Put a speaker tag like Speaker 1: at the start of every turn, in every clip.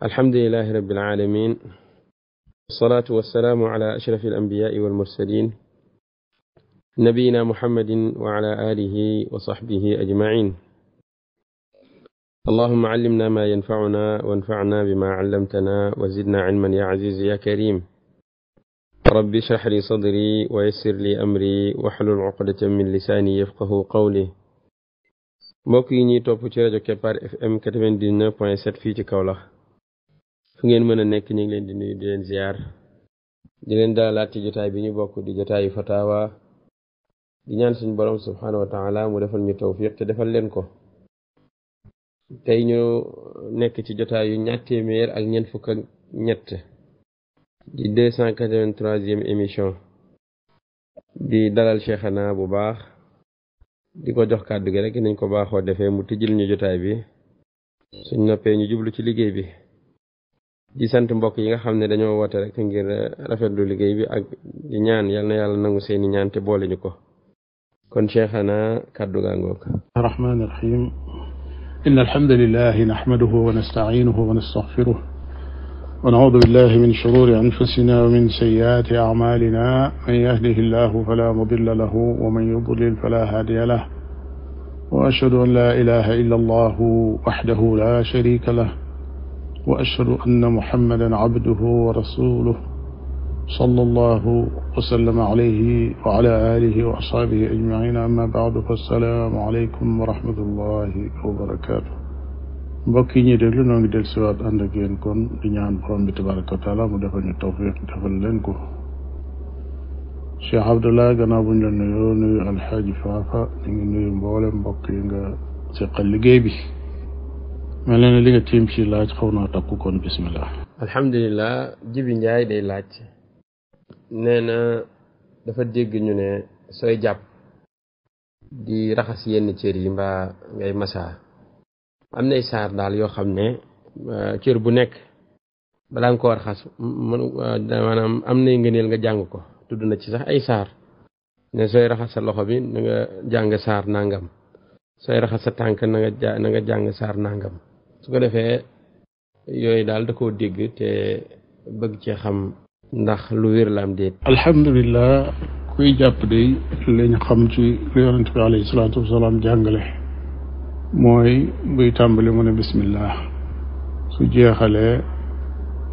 Speaker 1: alhamdulilahi rabbil alamin wasalaatu wasalaamu ala ashrafi alambiyaai walmursalin nabiyina muhammadin wa ala alihi wa sahbihi ajmain allahuma callimna ma yanfacuna wanfacna bima callamtana wa zidna cilman ya aziz ya karim rabbi ishrah li sadri wa yassir li amri waxlul cuqdatan min lisaani yafqahu qawli mbokk yi ñuy topp ci rajo Kepar FM 99 point 7 fii ci Kaolack fu ngeen mën a nekk ñi ngi leen di nuy di leen di leen dalalaat ci jotaay bi ñu bokk di jotaayu fatawa di ñaan suñu borom subhanahu wa taala mu defal ñu tawfiq te defal leen ko tey ñu nekk ci jotaayu ñaar téeméer ak ñeent fukk ñett di émission di dalal cheikhana bu baax di ko jox kàddu gi rek nañ ko baaxoo defee mu tijjil ñu jotaay bi suñ noppee ñu jublu ci liggéey bi di sant mbokk yi nga xam ne dañoo woote rek ngir eh, liggéey bi ak di ñaan yal na yàlla nangu seeni ñaan te boole ñu ko kon cheikhana kàddu gaa ngoog
Speaker 2: arrahmaan arrahim إن الحمد لله نحمده ونستعينه ونستغفره ونعوذ بالله من شرور أنفسنا ومن سيئات أعمالنا من يهده الله وأشهد أن محمدا عبده ورسوله صلى الله وسلم عليه وعلى آله وأصحابه أجمعين أما بعد فالسلام عليكم ورحمة الله وبركاته mbokk yi ñuy déglu noo ngi del siwaat ànd ak yéen kon di ñaan borom bi tabaraka wa taala mu defal ñu tawfiq defal leen ko Cheikh Abdallah gannaaw bu ñu la nuyoo nuyu alxaaji Faafa ñu ngi nuyu mboolem mbokk yi nga seqal liggéey bi mel na li nga tiim ci laaj xaw naa takku kon bismillah
Speaker 1: alhamdulilah jibi njaay day laaj nee na dafa dégg ñu ne sooy jàpp di raxas yenn cër yi mbaa ngay masaa am nay saar daal yoo xam ne euh, cër bu nekk balaa nga ko war xas euh, maanaam ngëneel nga jàng ko tudd na ci sax ay saar ne sooy raxas sa loxo bi na jàng saar nangam sooy raxas sa tànk na nga na jàng saar nangam su ko defee yooyu daal da koo dégg te bëgg cee xam ndax lu wér la am déet alhamdulilah kuy jàpp
Speaker 2: de lañ xam ci lu yonent bi alayhi salaatu wasalaam jàngale mooy buy tàmbali mu ne bismillah su jeexalee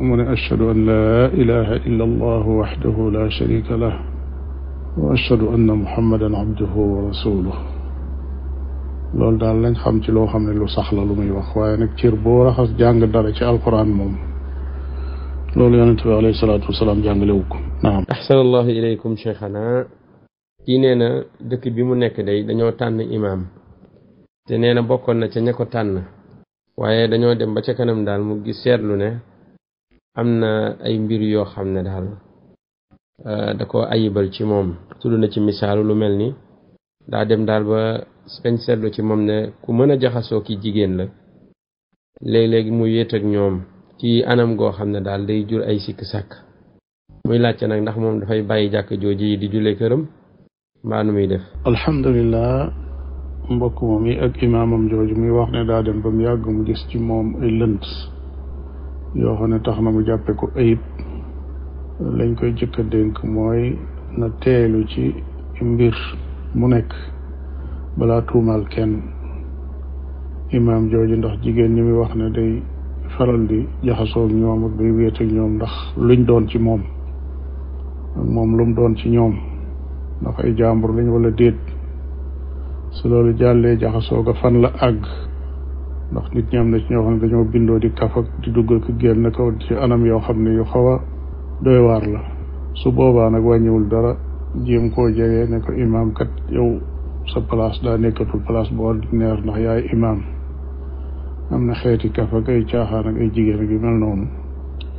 Speaker 2: mu ne ashhadu an laa ilaha illa allah waxdahu la sharika lah wa ashhadu anna muhammadan abduhu wa loolu daal lañ xam ci loo xam ne lu sax lu muy wax waaye nag cër boo raxas jàng dara ci alquran moom loolu yonente bi alayhi salaatu wasalaam jàngalewu ko
Speaker 1: naam ahsanallahu ilaykum cheikhana kii nee na dëkk bi mu nekk day dañoo tànn imaam te nee na bokkoon na ca ña ko tànn waaye dañoo dem ba ca kanam daal mu gis seetlu ne am na ay mbir yoo xam ne daal euh, da ko ayibal ci moom tudd na ci misaalu lu mel ni daa dem daal ba dañ seetlu ci moom ne ku mën a jaxasoo ki jigéen la léeg-léegi mu wéet ak ñoom ci anam goo xam ne daal day jur ay sikk sàkk muy laajte nag ndax moom dafay bàyyi jàkk jooju yi di julee këram mbaa nu muy def
Speaker 2: alhamdulilah mbokk moom yi ak imaamam jooju muy wax ne daa dem ba mu yàgg mu gis ci moom ay lënt yoo xam ne tax na mu jàppe ko ayib lañ koy jëkk dénk mooy na teelu ci mbir mu nekk balaa tuumaal kenn imaam jooju ndax jigéen ñi muy wax ne day faral di jaxasoo ak ñoom ak day wéet ñoom ndax luñ doon ci moom moom lum doon ci ñoom ndax ay jàmbur lañ wala déet su loolu jàllee jaxasoo ga fan la àgg ndax nit ñi na ci ñoo xam ne dañoo bindoo di kaf ak di dugg ak génn kaw ci anam yoo xam ne yu xaw a doy waar la su boobaa nag wàññiwul dara jéem koo jege ne ko imaam kat yow sa place daa nekkatul place boo ordinaire ndax yaay imaam am na xeeti kaf ak ay caaxaan ak ay jigéen ak yu mel noonu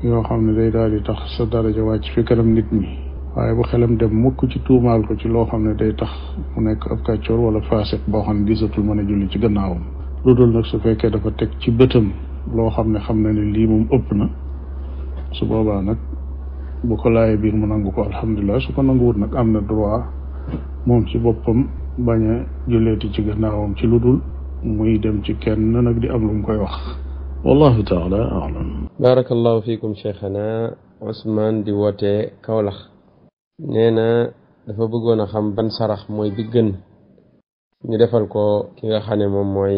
Speaker 2: yoo xam ne day daal di tax sa daraja wàcc fi kanam nit mi waaye bu xelam dem mukk ci tuumaal ko ci loo xam ne day tax mu nekk ab kàccoor wala faasiq boo xam ne gisatul mën a julli ci gannaawam lu dul su fekkee dafa teg ci bëtam loo xam ne xam na ne lii moom ëpp na su boobaa nag bu ko laayee biir mu nangu ko alhamdulilah su ko nanguwut nag am na droit moom ci boppam bañ a julleeti ci gannaawam ci lu dul muy dem ci kenn nag di am lu mu koy wax wallahu taala alam
Speaker 1: barakallahu fiikum cheikhana Ousmane di woote Kaolack nee na dafa bëggoon a xam ban sarax mooy bi gën ñu defal ko ki nga xam ne moom mooy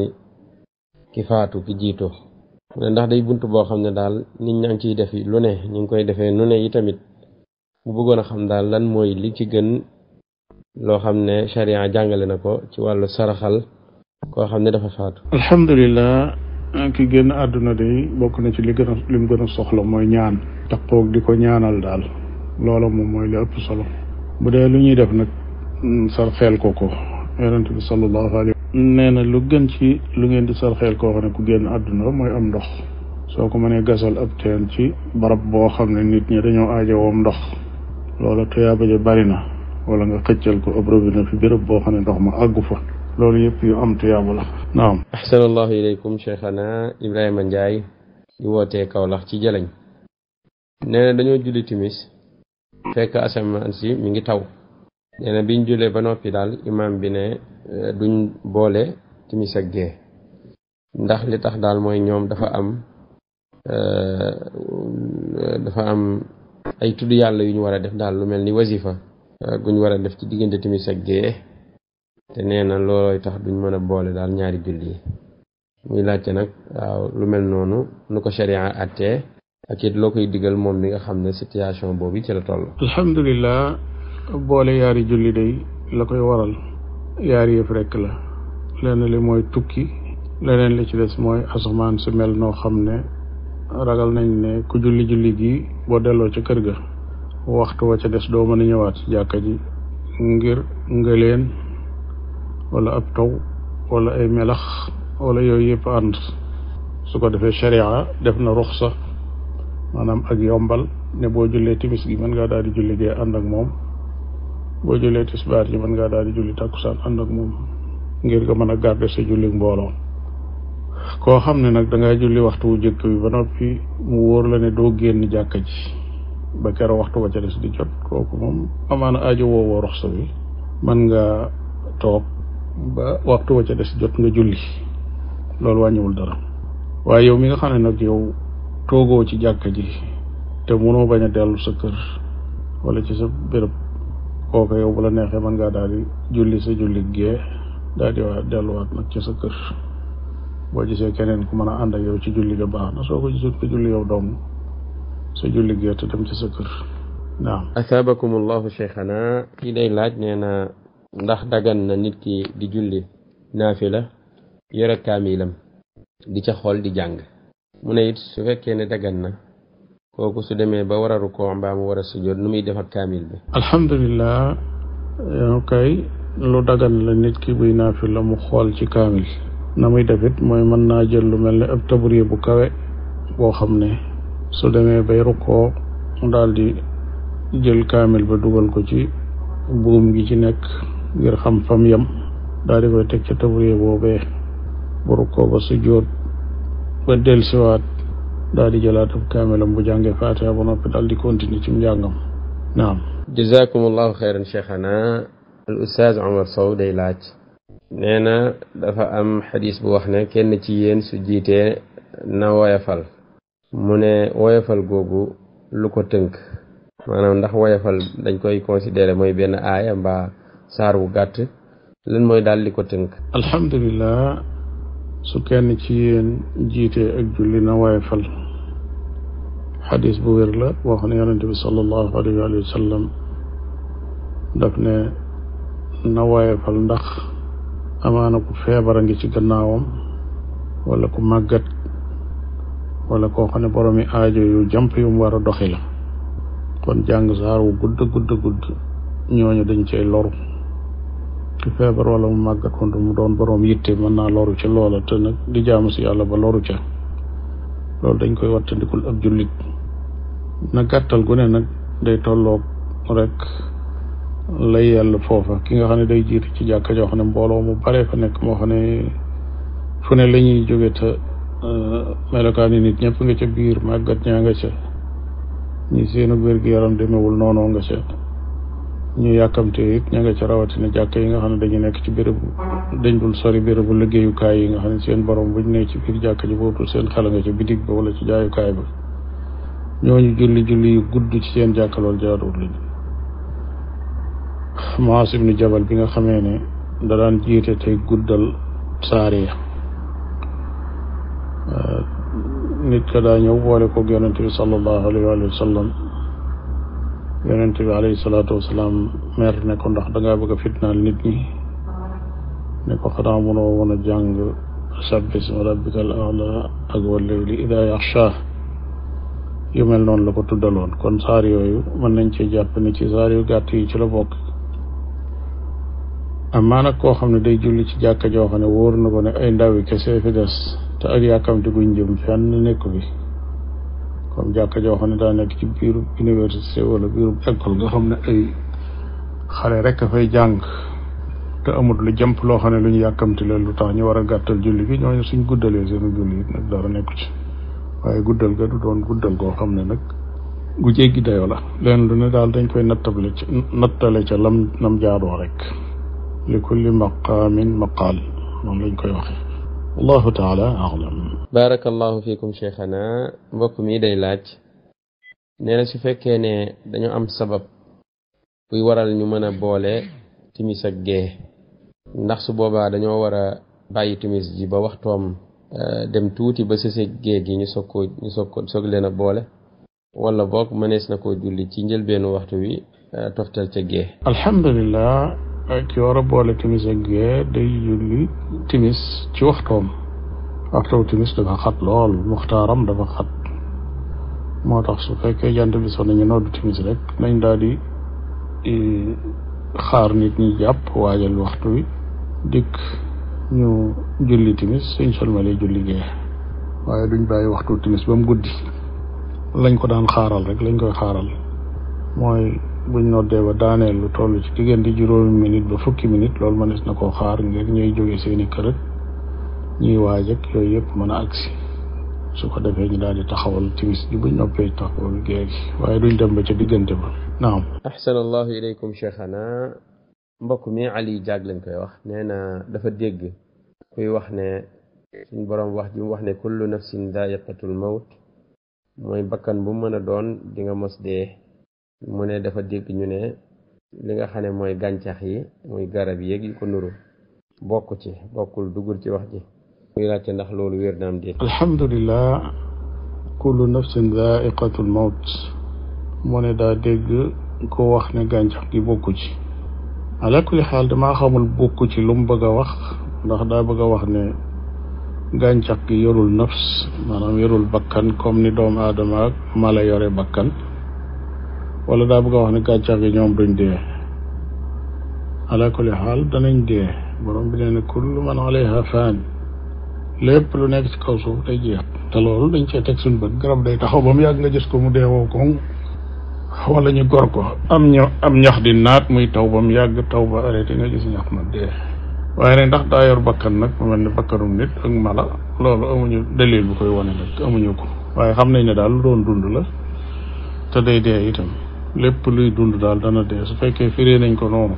Speaker 1: ki faatu ki jiitu mu ndax day bunt boo xam ne daal nit ñaa ngi ciy def lu ne ñu ngi koy defee nu ne yi tamit bu bëggoon a xam daal lan mooy li ci gën loo xam ne sharia jàngale na ko ci wàllu saraxal koo xam ne dafa faatu. alhamdulilah
Speaker 2: ki génn àdduna de bokk na ci li gën a li gën a soxla mooy ñaan. taqoog di ko ñaanal daal loola moom mooy li ëpp solo. bu dee lu ñuy def nag mm, sarxeel ko ko yonent bi sallallahu alayhi nee lu gën ci lu ngeen di sarxeel koo xam ne ku génn àdduna mooy am ndox. soo ko mënee gasal ab teen ci barab boo xam ne nit ñi dañoo aajowoo ndox. loola tuyaaba ja bari na. wala nga xëccal ko ab robinet fi béréb boo xam ne ndox ma àggu fa loolu yëpp yu am tuyaaba la
Speaker 1: naam ahsanallahu ilaykum cheikhana ibrahima ndiaye di wootee kawlax ci jëlañ nee dañoo julli timis fekk asamaan si mi ngi taw nee biñ julee ba noppi daal imaam bi ne eh, duñ boole timis ak gee ndax li tax daal mooy ñoom dafa am eh, dafa am ay tudd yàlla yu ñu war a def daal lu mel ni wasifa guñ euh, war a def ci diggante timis ak gée te nee na loolooy tax duñ mën a boole daal ñaari julli yi muy laajte nag waaw lu mel noonu nu ko sharia attee ak it loo koy digal moom mi nga xam ne situation boobu ci la toll. alhamdulilah
Speaker 2: boole yaari julli day la koy waral yaari yëpp rekk la lenn li mooy tukki leneen li ci des mooy asamaan su mel noo xam ne ragal nañ ne ku julli julli gi boo delloo ca kër ga. waxtu wa ca des doo mën a ñëwaat ci jàkka ji ngir ngëleen wala ab taw wala ay melax wala yooyu yëpp ànd su ko defee sharia def na ruxsa maanaam ak yombal ne boo jullee timis gi mën ngaa daal di julli gee moom boo jullee tisbaar ji mën ngaa daal di julli takkusaan ànd ak moom ngir nga mën a garder sa julli koo xam ne nag da ngaa waxtu wu jëkk bi ba noppi mu wóor ne doo génn jàkka ba keroog waxtu wa ca des di jot kooku moom amaana aajo woowoo rox sa man nga toog ba waxtu wa ca des jot nga julli loolu wàññiwul dara waaye yow mi nga xam ne nag yow toogoo ci jàkka ji te munoo bañ a dellu sa kër wala ci sa béréb kooku yow bu la neexee mën ngaa daal di julli sa julli gee daal di delluwaat nag ca sa kër boo gisee keneen ku mën a ànd ak yow ci julli ga baax na soo ko julli yow dong su julli gee dem ci sa kër
Speaker 1: naam asaabakum allahu cheikhana kii day laaj nee na ndax daggan na nit ki di julli la yore kaamilam di ca xool di jàng mu ne it su fekkee ne daggan na kooku su demee ba wara a rukoo mbaa mu nu muy def ak kaamil bi
Speaker 2: alhamdulilah eh, kay lu dagan la nit ki buy naafila mu xool ci kaamil na muy defit mooy mën naa jël lu mel ne ab tabriya bu kawe boo xam ne su deme bay rukkoo mu daal di jël kaamil ba dugal ko ci buum gi ci nekk ngir xam fam yam daal di koy teg ca tabriye boobee bu rukkoo ba su ba delsiwaat daal di jëlaat ab bu jàngee faatiha ba noppi daal kontinu continuer ci njàngam
Speaker 1: naam jazakumullahu xeyran cheikhana al ustaaz Omar Sow day laaj nee na dafa am xadis bu wax ne kenn ci yéen su jiitee na woyafal mu ne woyofal googu lu ko tënk maanaam ndax woyofal dañ koy considéré mooy benn aaya mbaa saar wu gàtt lan mooy daal di ko tënk
Speaker 2: alhamdulilah su kenn ci yéen jiitee ak julli na woyofal xadis bu wér la boo xam ne yonente bi sallallahu alayhi wa sallam ne na woyofal ndax amaana ku feebar a ngi ci gannaawam wala ku màggat wala koo xam ne boroomi aajo yu jàmp yu mu war a doxi la kon jàng saar wu gudd gudd gudd ñooñu dañ cay loru ci feebar wala mu màggat wante mu doon boroom yitte mën naa loru ca loola te nag di jaamu si yàlla ba loru ca loolu dañ koy wattandikul ab jullit na gàttal gu ne nag day tolloog rek lay yàlla foofa ki nga xam ne day jiite ci jàkka joo xam ne mbooloo mu bare fa nekk moo xam ne fu ne la jóge te Euh, melokaan yi nit ñëpp nga ca biir màggat ñaa nga ca ñi seenu wér yaram demewul noonoo nga ca ñu yàkkamte it ña nga ca rawatina jàkk yi nga xam ne dañu nekk ci bérébu dañ dul sori bërëbu liggéeyukaay yi nga xam ne seen borom bu ñu nee ci biir jàkk ji boobu seen xel nga ca bitig ba wala ci jaayukaay ba ñooñu julli julli yu gudd ci seen jàkk lool jaaduwul li Maas ibnu Jabal bi nga xamee ne da daan jiite tey guddal saare ya nit ka daa ñëw boole ko yonent bi sallallahu alayhi wa sallam yonent bi alayhi salaatu wasalaam mer ne ndax dangaa bëgg a fitnaal nit ñi ne ko xanaa mënoo mën a jàng sabbisma rabbikal a'laa ak walleyli idaa yaxshaa yu mel noonu la ko tuddaloon kon saar yooyu mën nañ ci jàpp ni ci saar yu gàtt yi ci la bokk amaa nag koo xam ne day julli ci jàkka joo xam ne wóor na ko ne ay ndawi kese fi des te ak yàkkamti guñ jëm fenn nekku bi comme jàkka joo xam ne daa nekk ci biiru université wala biiru école nga xam ne ay xale rek a fay jàng te amut lu jëmp loo xam ne lu ñu yàkkamti la lu tax ñu wara gàttal julli bi ñooñu suñ guddalee seen julli it nag dara nekku ci waaye guddal ga du doon guddal goo xam ne nag gu jéggi dayoo la leen lu ne daal dañ koy nattable ci nattale ca lam nam jaadoo rek li kulli maqaamin maqaal noonu lañ koy waxe
Speaker 1: wallahu taala
Speaker 2: alam
Speaker 1: barakallahu fiikum cheikhana mbokk mii day laaj nee su fekkee ne dañu am sabab buy waral ñu mën a boole timis ak gee ndax su boobaa dañoo war a bàyyi timis ji ba waxtoom euh, dem tuuti ba sëseg gee gi ñu soog ko ñu soog ko soog leen a boole wala boog mënees na koo julli ci njëlbeenu waxtu wi euh, toftal ca gee
Speaker 2: alhamdulillah ci war a boole timis ak gee day julli timis ci waxtoom waxtoo timis dafa xat lool muxtaaram dafa xat moo tax su fekkee jant bi so nañu noddu timis rek nañ daal di xaar nit ñi jàpp waajal waxtu wi dikk ñu julli timis suñ solmale julli gee waaye duñ bàyyi waxtu timis ba guddi lañ ko daan xaaral rek lañ koy xaaral mooy buñ noddee ba daaneel lu toll ci diggante juróomi minute ba fukki minute loolu mënees na koo xaar ngir ñuy jóge seeni kër ak ñuy waaj yooyu yëpp mën a agsi su ko defee ñu daal di taxawal timis ji buñ noppee taxawal géej waaye duñ dem ba ca diggante ba naam.
Speaker 1: ahsanallahu ilaykum cheikhana mbokk mi Ali Diag lañ koy wax nee na dafa dégg wax ne suñ borom wax ji mu wax ne kullu nafsin daiqatul mawt mooy bakkan bu mën a doon di nga mos dee. mu ne dafa dégg ñu ne li nga xam ne mooy gàncax yi muy garab yéeg yu ko nuru bokk ci bokkul duggul ci wax ji muy laajte ndax loolu wér na am déet
Speaker 2: alhamdulilah kullu nafsin dha'iqatul mawt mu ne daa dégg ko wax ne gàncax gi bokku ci ala kulli xaal damaa xamul bokku ci lu mu bëgg a wax ndax daa bëgg a wax ne gàncax gi yorul nafs maanaam yorul bakkan comme ni doomu aadama mala yore bakkan wala daa bëgg wax ne gàncax gi ñoom duñ dee ala kulli xaal danañ dee borom bi nee na kullu man alayha faan lépp lu nekk ci kaw suuf day jeex te loolu dañ cee teg suñ bët garab day taxaw ba mu yàgg nga gis ko mu deewoo ko wala ñu gor ko am ñax di naat muy taw ba mu yàgg taw ba arrêté nga gis ñax ma dee waaye ne ndax daa yor bakkan nag mu mel ne bakkanum nit ak mala loolu amuñu dalil bu koy wane nag amuñu ko waaye xam nañ ne daal lu doon dund la te lépp luy dund daal dana dee su fekkee firee nañ ko noonu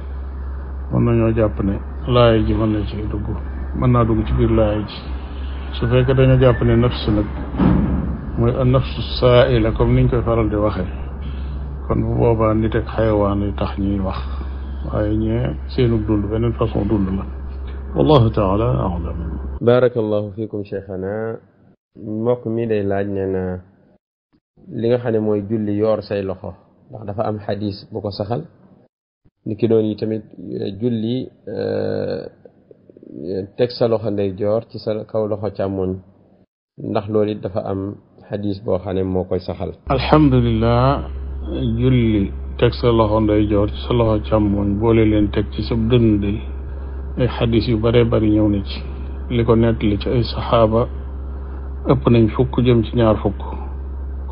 Speaker 2: mën nañoo jàpp ne laay ji mën na ci dugg mën naa dugg ci biir laay ji fekkee dañoo jàpp ne nafs nag mooy an nafsu saa ila comme koy faral di waxee kon bu boobaa nit ak xayawaan tax ñuy wax
Speaker 1: waaye ñee seenug dund beneen façon dund la wallahu taala alam barakallahu fikum cheikhana mbokk mi day laaj ne na li nga xam ne mooy julli yoor say loxo ndax dafa am xadis boo ko saxal ni ki doon yi tamit eh, julli eh, teg sa loxo ndeyjoor ci sa kaw loxo càmmoñ ndax loolu dafa am xadis boo xam ne moo koy saxal
Speaker 2: alhamdulilah julli teg sa loxo ndeyjoor ci sa boole leen teg ci sa dënn day ay xadis yu bare bari ñëw na li ko nettali ci ay saxaaba ëpp nañ fukk jëm ci ñaar fukk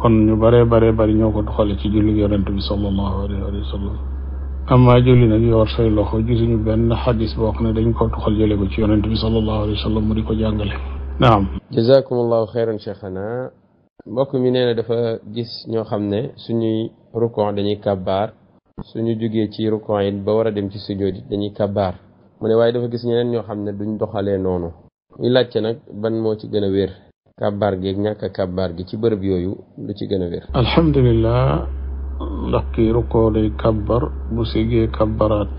Speaker 2: kon ñu bare bare bari ñoo ko doxale ci julli yonent bi sallallahu alayhi wa sallam amma julli nag yor say loxo gisuñu benn xadis boo xam ne dañ ko doxal jële ko ci yonent bi sallallahu alayhi wa sallam mu di ko jàngale
Speaker 1: naam jazakumullahu xeyran cheikhana mbokk mi nee na dafa gis ñoo xam ne suñuy rukon dañuy kabbaar suñu jógee ci rukon yi ba war a dem ci sujjóot yi dañuy kabbaar mu ne waaye dafa gis ñeneen ñoo xam ne duñ doxalee noonu muy laajte nag ban moo ci gën kàbbaar gi ak ñàkk kàbbaar gi ci bërëb yooyu lu ci gën a wér
Speaker 2: alhamdulilah
Speaker 1: ndax kii rukkoo day kàbbar bu sigee
Speaker 2: kàbbaraat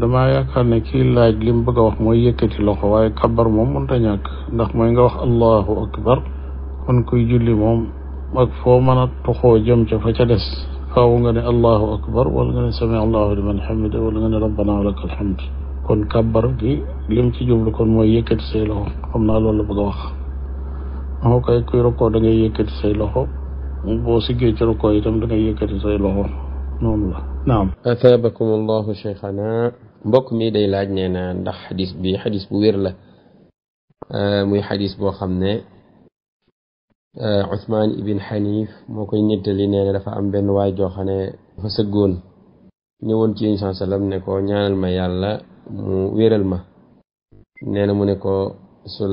Speaker 2: damaa ne kii laaj li mu a wax mooy yëkkati loxo waaye kàbbar moom mënta ñàkk ndax mooy nga wax allahu akbar kon kuy julli moom foo mën a toxoo jëm ca fa ca nga ne allahu akbar wala nga ne sami allahu liman hamida wala nga ne rabbana walaka alhamd kon kàbbar gi lim ci jublu kon mooy yëkkati say loxo xam naa loolu la bëgg a wax moo koy kuy rukkoo da yëkkati say loxo
Speaker 1: boo siggee ci rukkoo itam da ngay yëkkati say loxo noonu la naam athabakum allahu cheikhana mbokk mi day laaj nee na ndax xadis bi xadis bu wér la euh, muy xadis boo xam ne euh, Usmaan ibn Xaniif moo koy nettali nee dafa am benn waay joo xam ne dafa sëggoon ñëwoon ci yéen sallam ne ko ñaanal ma yàlla mu wéral ma nee mu ne ko su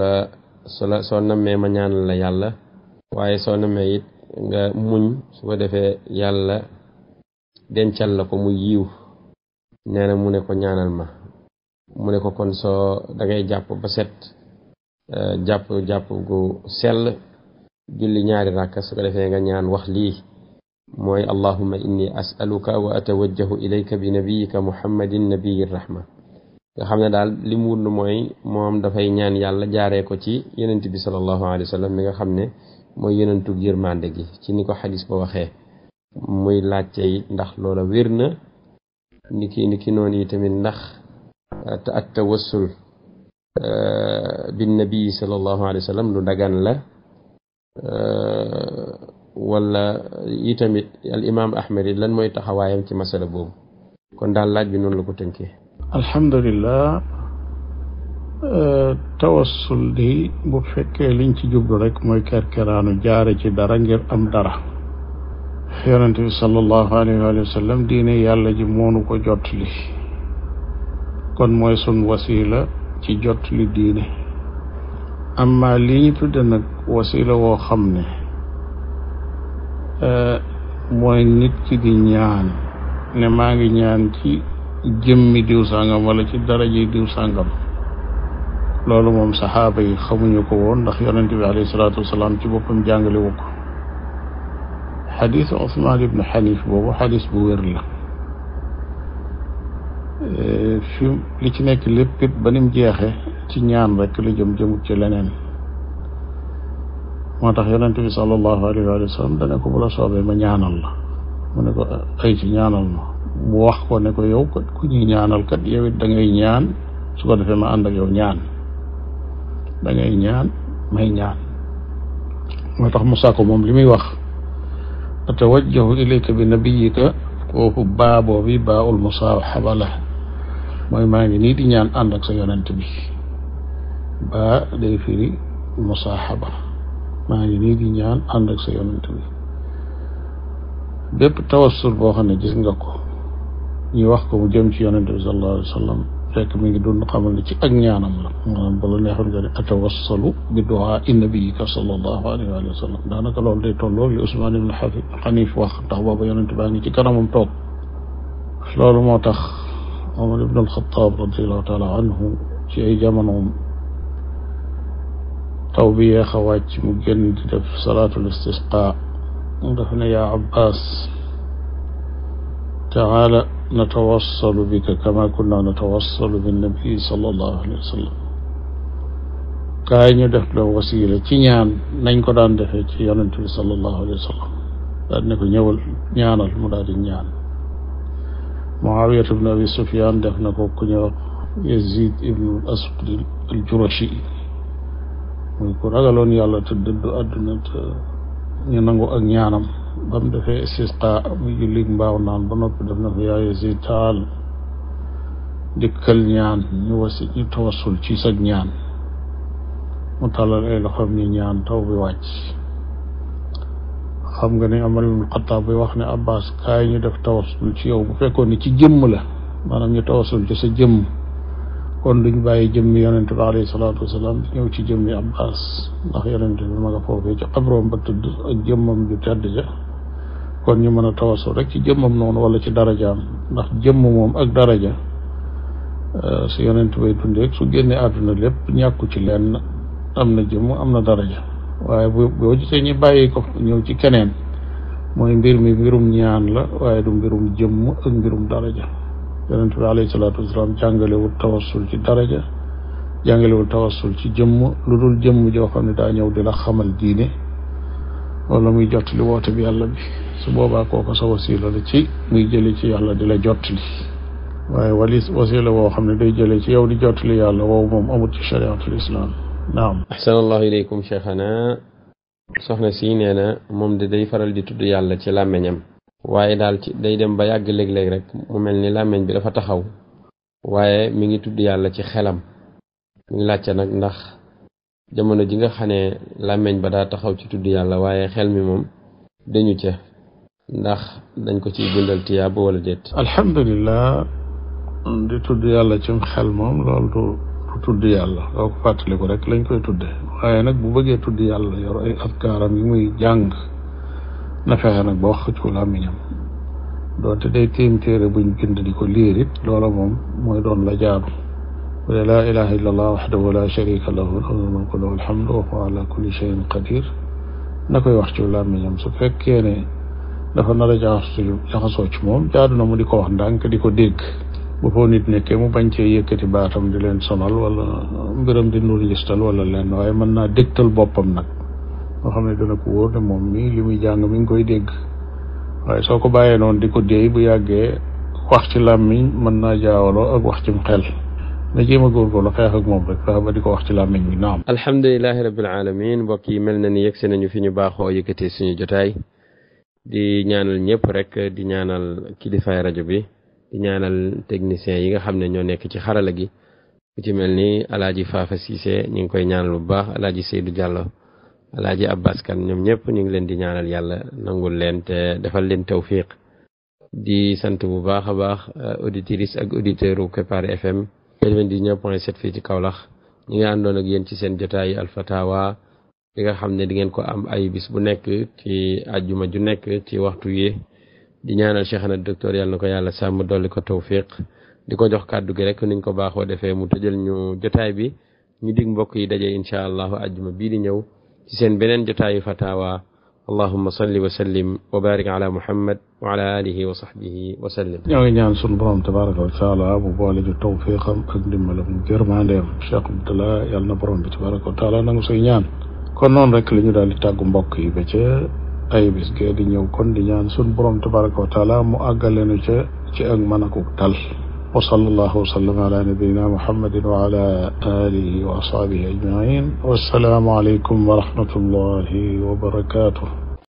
Speaker 1: soo la soo nammee ma ñaanal la yàlla waaye soo nammee it nga muñ su ko defee yàlla dencal la ko mu yiw nee na mu ne ko ñaanal ma mu ne ko kon soo da jàpp ba set eh, jàpp jàpp gu julli ñaari ràkka su ko defee nga ñaan wax lii mooy allahumma inni as'aluka wa atawajjahu ilayka bi nabiyika muhammadin nabiyi nga xam ne daal li mu wund mooy moom dafay ñaan yàlla jaare ko ci yenent bi sallallahu alayhi wa sallam mi nga xam ne mooy yenentu yërmande gi ci ni ko xadis ba waxee muy laajte yi ndax loola wér na ni ki ni ki noonu yi tamit ndax te at tawassul eh, bin nabii sallallahu alayhi wa lu dagan la eh, wala yi tamit al imam ahmad yi lan mooy taxawaayam ci masala boobu kon daal laaj bi noonu la ko tënkee
Speaker 2: alhamdulillah eh, tawassul di bu fekkee liñ ci jublu rek mooy kerkeraanu jaare ci dara ngir am dara yonente bi sallallahu alayhi wa diine yàlla ji moonu ko jot kon mooy sun wasila ci jot li diine amma li ñu wasila woo xam ne eh, mooy di ñaan ne maa ngi jëmmi diw sàngam wala ci daraje diw sàngam loolu moom saxaaba yi xamuñu ko woon ndax yonente bi alayhi salaatu ci boppam jàngale wu ko xadiis Usmaan bu wér la fi li ci nekk lépp it ba nim jeexe ci ñaan rekk la jëm jëmut ci leneen moo tax yonente bi sallallahu alayhi wa sallam dane ko bu soobee ma ñaanal la mu ne ko ay ci ñaanal ma mu wax ko ne ko yow kat ku ñuy kat yow it da ñaan su ko defee ma ànd ak yow ñaan da ñaan may ñaan moo tax Musaa ko moom li muy wax atawajjahu ilayka bi nabiyika kooku baa boobi baa ul musaaxaba la mooy maa ngi nii di ñaan ànd ak sa yonent bi baa day musaaxaba maa ngi nii di ñaan ànd ak sa yonent bi bépp tawassul boo xam ne gis nga ko ñu wax ko mu jëm ci yonente bi sallallahu alayhi wa sallam fekk mi ngi dund xamal ne ci ak ñaanam la maanaam bala neexoon nga ne atawassalu bi duaa innabiyika sallallahu alayhi wa sallam daanaka loolu day tolloo li Usmaan ibn Xaniif wax ndax booba yonente baa ngi ci kanamam toog loolu moo tax Omar ibn al-Xattaab radiallahu taala anhu ci ay jamonoom taw bi yeex a wàcc mu génn di def salaatul istisqa mu def ne yaa Abbaas taala natawassalu bika kama kunna natawassalu bin nabi sallallahu alayhi wa sallam kaay ñu def la wasiila ci ñaan nañ ko daan defee ci yonent bi sallallahu alayhi wa sallam daal ne ko ñëwal ñaanal mu daal di ñaan muawiyat ibn abi sufyan def na ko ku ñu wax yazid ibnu aswad al jurashi muy ku ragaloon yàlla te dëddu àdduna te ñu nangu ak ñaanam ba mu defee istisqa mu jullig mbaaw naan ba noppi def na fa yaaye si taal dikkal ñaan ñu wasi ñu tawassul ci sag ñaan mu tàllal ay loxoom ñi ñaan taw bi wàcc xam nga ni Umar ibn Xattaab bi wax ne Abbas kaay ñu def tawassul ci yow bu fekkoon ni ci jëmm la manam ñu tawassul ci sa jëmm kon duñ bàyyi jëmmi yonente bi alayhi salaatu wasalaam di ñëw ci jëmmi Abbas ndax yonente bi ma nga foofee ci xabroom ba tëdd ak jëmmam ju tedd ja kon ñu mën a tawasul rek ci jëmmam noonu wala ci darajaam ndax jëmm moom ak daraja euh, su yonent bay dundee su génnee àdduna lépp ñàkku ci lenn am na jëmm am na daraja waaye bu boo gisee ñu bàyyi ko ñëw ci keneen mooy mbir mi mbirum ñaan la waaye du mbirum jëmm ak mbirum daraja yonent bi alayhi salaatu wasalaam jàngalewul tawasul ci daraja jàngalewul tawasul ci jëmm lu dul jëmm joo xam ne daa ñëw di la xamal diine wala muy jottali woote bi yàlla bi su booba kooku sa wasila la ci muy jële ci yàlla di la jottali waaye wali wasila woo xam ne day jële ci yow di jottali yàlla woowu moom amut ci chariatul islam
Speaker 1: naam ahsanallahu ilaykum cheikhana soxna si nee na moom de day faral di tudd yàlla ci làmmiñam waaye daal ci day dem ba yàgg léeg-léeg rek mu mel ni làmmiñ bi dafa taxaw waaye mi ngi tudd yàlla ci xelam mi ngi nag ndax jamono ji nga xam ne làmmiñ ba daa taxaw ci tudd yàlla waaye xel mi moom dañu ca ndax dañ ko ci bindal tiyaaba wala déet alhamdulilah
Speaker 2: di tudd yàlla cim xel moom loolu du tudd yàlla doo ko fàttaliku rek lañ koy tudde waaye nag bu bëggee tudd yàlla yor ay afkaaram yi muy jàng na fexe nag ba wax ci làmmiñam doote day téem buñ bind di ko liir it loola moom mooy doon la jaaru bu dee laa ilaha illa allah la sharika lahu lahu mulku lahu alhamdu wa huwa ala kulli shay'in qadir na koy wax ci làmmiñam su fekkee ne dafa nar a jaxasoo jaxasoo ci moom jaadu na mu di ko wax ndànk di ko dégg bu foo nit nekkee mu bañ cee yëkkati baatam di leen sonal wala mbiram di nur listal wala lenn waaye mën naa dégtal boppam nag nga xam ne dana wóor ne moom mii li muy jàng mi ngi koy dégg waaye soo ko bàyyee noonu di ko déey bu yàggee wax ci làmmiñ mën naa jaawaloo ak wax cim xel na jéem a góorgóorlu xeex moom rek fexe ba di ko wax ci làmmiñ bi
Speaker 1: naam. alhamdulilahi rabbil alamin mbokk yi mel na ni yegsi nañu fi ñu baaxoo yëkkatee suñu jotaay di ñaanal ñëpp rek di ñaanal kilifaay rajo bi di ñaanal techniciens yi nga xam ne ñoo nekk ci xarala gi. ku ci mel ni alaaji Fafa Cissé ñu ngi koy ñaanal bu baax alaaji Seydou Diallo alaaji Abbas Kan ñoom ñëpp ñu ngi leen di ñaanal yàlla nangul leen te defal leen tawfiq di sant bu baax a baax euh, auditrice ak auditeur u Kepar FM. 99 point 7 fii ci Kaolack ñi nga àndoon ak yéen ci seen jotaayi alfatawa li nga xam ne di ko am ay bis bu nekk ci àjjuma ju nekk ci waxtu yi di ñaanal Cheikhna docteur yàlla ko yàlla sàmm dolli ko tawfiq di ko jox kàddu gi rek niñ ko baaxoo defee mu tëjal ñu jotaay bi ñu dig mbokk yi daje incha allahu àjjuma bii di ñëw ci seen beneen jotaayu fatawa allahuma salli wa sallim wa barik ala muhammad wa ala alihi wa sahbihi wa sallim ñoo ngi ñaan
Speaker 2: sunu borom tabaraka wa taala bu boole ñu tawfiqam ak ndimbalam gërmandeem Cheikh Abdallah yàlla na borom bi tabaraka wa taala nangu say ñaan kon noonu rek li ñu daal di tàggu mbokk yi ba ca ay bis gee di ñëw kon di ñaan sunu borom tabaraka wa taala mu àggale nu ca ci ak mën akuk tal wa sallallahu wa sallam ala nabiyina muhammadin wa ala alihi wa ashabihi ajmain wassalaamu aleykum wa rahmatullahi wa barakatuh